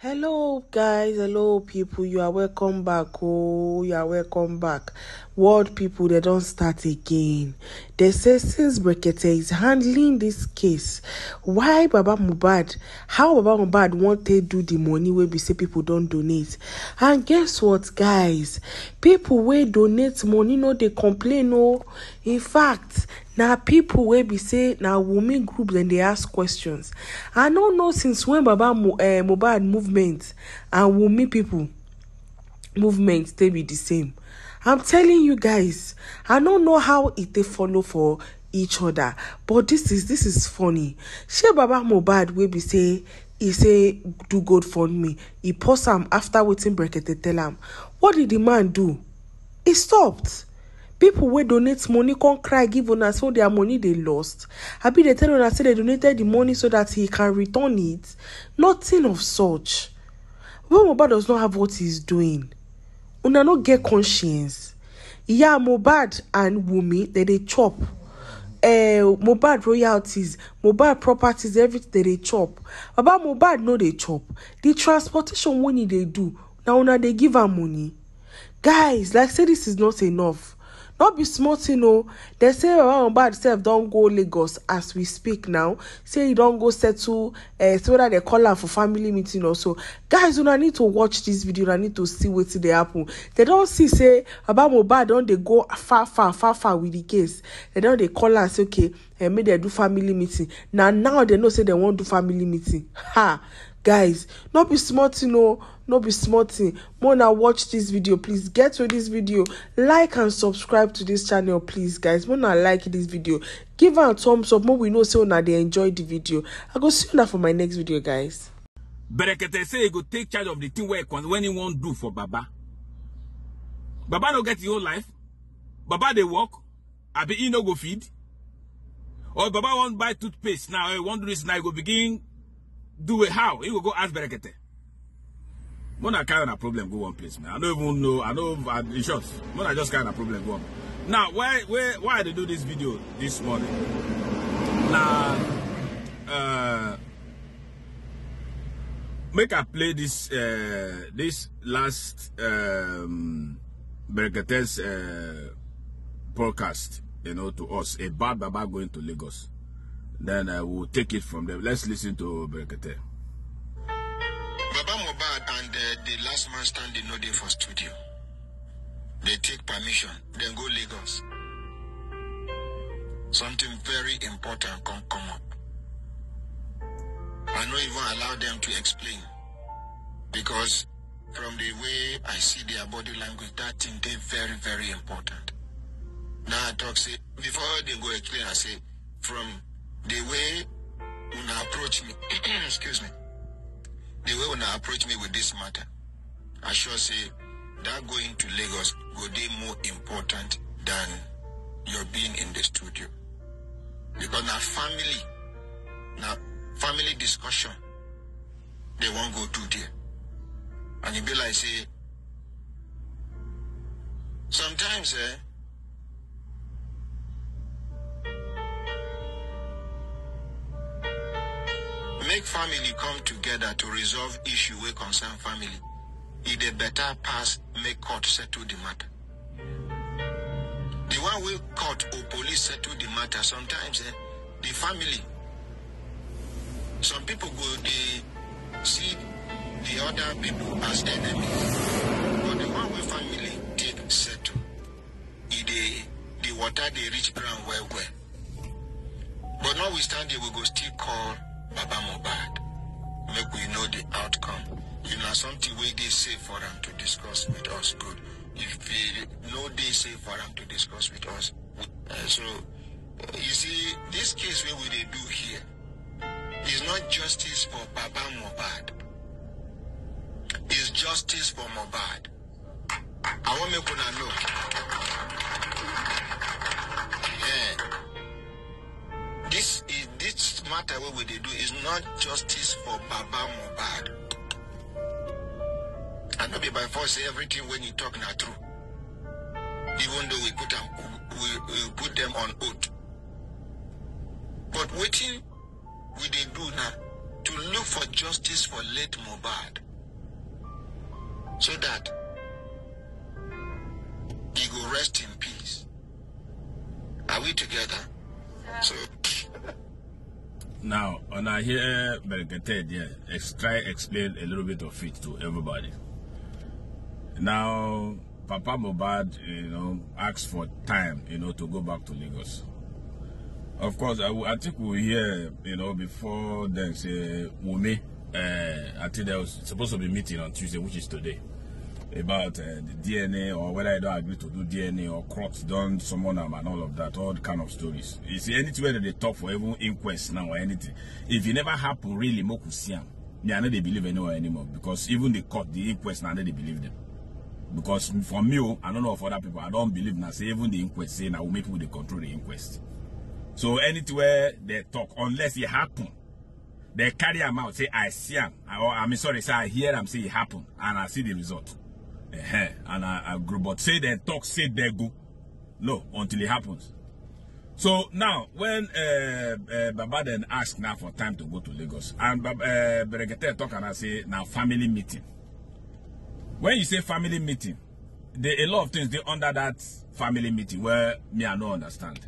hello guys hello people you are welcome back oh you are welcome back world people they don't start again they say since brekete is handling this case why baba mubad how baba mubad want they do the money where we say people don't donate and guess what guys people where donate money no they complain Oh, in fact Now people will be say now women groups and they ask questions i don't know since when baba eh, mohbad movement and women people movement they be the same i'm telling you guys i don't know how it they follow for each other but this is this is funny She baba mohbad will be say he say do good for me post pause after waiting wetin brekete tell am what did the man do He stopped people wey donate money come cry give una so their money dey lost abi dey tell una say dey donated the money so that he can return it nothing of such when mohbad does not have what he is doing una no get conscience iya yeah, mohbad and Wumi, dey dey chop uh, mohbad royalties mohbad properties everything dey dey chop baba mohbad no dey chop the transportation wey he dey do na una dey give am money guys like say this is not enough no be small tin o dem say Mohbad sef don go lagos as we speak now say e don go settle eh, say whether dem call am for family meeting or so guys una need to watch dis video una need to see wetin dey happen dem don see say baba mohbad don dey go far far far far with the case dem don dey call am say okay eh, make dem do family meeting na now dem know say dem wan do family meeting ha guys no be small thing o oh. no be small thing more na watch this video please get to this video like and subscribe to this channel please guys more na like this video give am thumbs up make we know say una dey enjoy the video i go see una for my next video guys berekete say e go take charge of di tin wey he wan do for baba baba no get e own life baba dey work abi e no go feed or baba wan buy toothpaste now or e wan do dis now e go begin do it how? He will go ask Berekete. I carry a problem go one place, man. I don't even know. I know in short. when I just carry a problem go one. Now, why why why they do this video this morning? Now uh make I play this uh this last um Berekete's uh podcast, you know, to us a bad Baba going to Lagos. Then I uh, will take it from there. Let's listen to Brekete. Baba Mobad and uh, the last man standing no day for studio. They take permission, then go Lagos. Something very important can come up. I don't even allow them to explain. Because from the way I see their body language, that thing they very, very important. Now I talk say before they go explain, I say from the way una approach me, excuse me, the way una approach me with this matter, I sure say that going to Lagos would be more important than your being in the studio. Because now family, now family discussion, they won't go to there. And you be like, say, sometimes, eh, make family come together to resolve issue we concern family It' a better pass make court settle the matter the one wey court or police settle the matter sometimes eh, the family some people go the see the other people as enemy but the one way family take settle It' dey the water they reach ground well well but notwithstanding we go still call Baba Mubad. Make we know the outcome. You know something wey they say for them to discuss with us, good. If we no they say for them to discuss with us, uh, so uh, you see, this case What we dey do here is not justice for Baba Mubad. It's justice for Mubad. I want me to know. Yeah. This matter what we do is not justice for baba mohbad and no be by force say everything when you talk not true even though we put them, we, we put them on oath but waiting, we they do now to look for justice for late mohbad so that he go rest in peace are we together so Now, when I hear Berkete, yeah, try explain a little bit of it to everybody. Now, Papa Mobad, you know, asked for time, you know, to go back to Lagos. Of course, I, I think we hear, you know, before then, say, Wumi, uh, eh, I think there was supposed to be meeting on Tuesday, which is today. about uh, the DNA or whether I don't agree to do DNA or crops done someone and all of that, all kind of stories. You see, anywhere that they talk for even inquest now or anything, if it never happened really, am. they are not they believe anywhere anymore because even the court, the inquest, now they believe them. Because for me, oh, I don't know of other people, I don't believe now. Say even the inquest saying I will make people the control the inquest. So anywhere they talk, unless it happen, they carry them out. Say I see them, or I mean sorry, say I hear them say it happen, and I see the result. Uh-huh. And I, I but say they talk, say they go. No, until it happens. So now, when uh, uh, Baba then asked now for time to go to Lagos, and uh, Berekete talk and I say, now family meeting. When you say family meeting, there a lot of things they under that family meeting where me I no understand.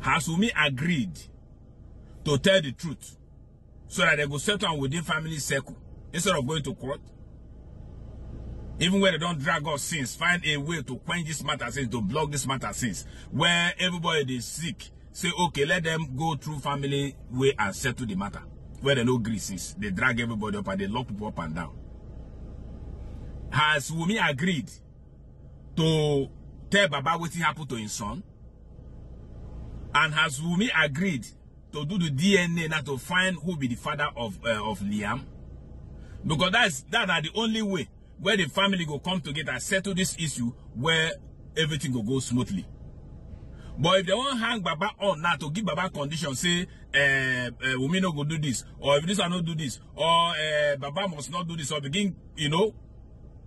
Hasumi agreed to tell the truth so that they go settle within family circle instead of going to court. even where they don't drag us since, find a way to quench this matter since, to block this matter since, where everybody is sick, say, okay, let them go through family way and settle the matter. Where they no agree since, they drag everybody up and they lock people up and down. Has Wumi agreed to tell Baba what happened to his son? And has Wumi agreed to do the DNA now to find who be the father of uh, of Liam? Because that's that are the only way where the family go come together, settle this issue, where everything go go smoothly. But if they won't hang Baba on now to give Baba condition, say, eh, uh, women no go do this, or if this are not do this, or uh, Baba must not do this, or begin, you know,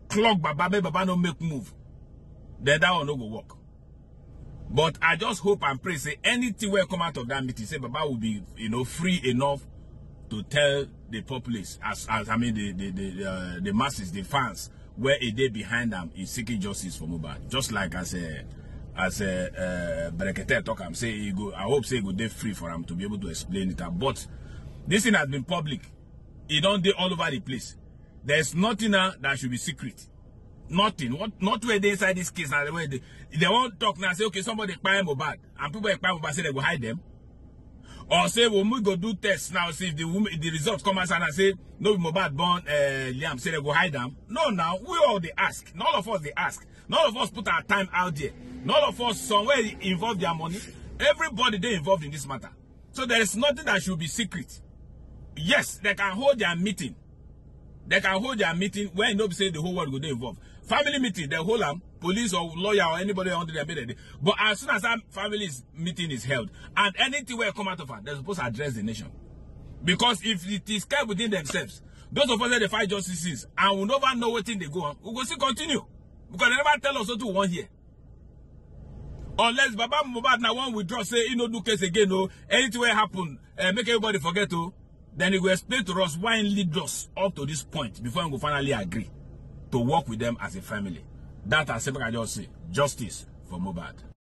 clog Baba, make Baba no make move, then that one no go work. But I just hope and pray, say, anything will come out of that meeting, say Baba will be, you know, free enough to tell the populace, as, as I mean the the the, uh, the masses, the fans, where a day behind them is seeking justice for Mubarak. Just like as a as a uh, Brekete talk, I'm saying go. I hope say go day free for him to be able to explain it. But this thing has been public. It don't day all over the place. There's nothing now that should be secret. Nothing. What not where they inside this case now where they they won't talk now say okay somebody buy Mubarak, and people buy Mohbad say they go hide them. Or say, when we go do tests now, see if the woman, the results come out. and I say, no, we Mobad born uh, Liam, say they go hide them. No, now, we all they ask. None of us they ask. None of us put our time out there. None of us somewhere involve their money. Everybody they involved in this matter. So there is nothing that should be secret. Yes, they can hold their meeting. They can hold their meeting when nobody say the whole world will be involved. Family meeting, they hold them police or lawyer or anybody under the ability, But as soon as that family's meeting is held and anything will come out of her, they're supposed to address the nation. Because if it is kept within themselves, those of us that they fight justices and will never know what thing they go on, we will still continue. Because they never tell us what to want here. Unless Baba Mubad now one withdraw, say, you know, do case again, no, oh, anything will happen, uh, make everybody forget, oh, then he will explain to us why he lead us up to this point before we finally agree to work with them as a family. That asɛm ka gyɛ ɔse justice for Mohbad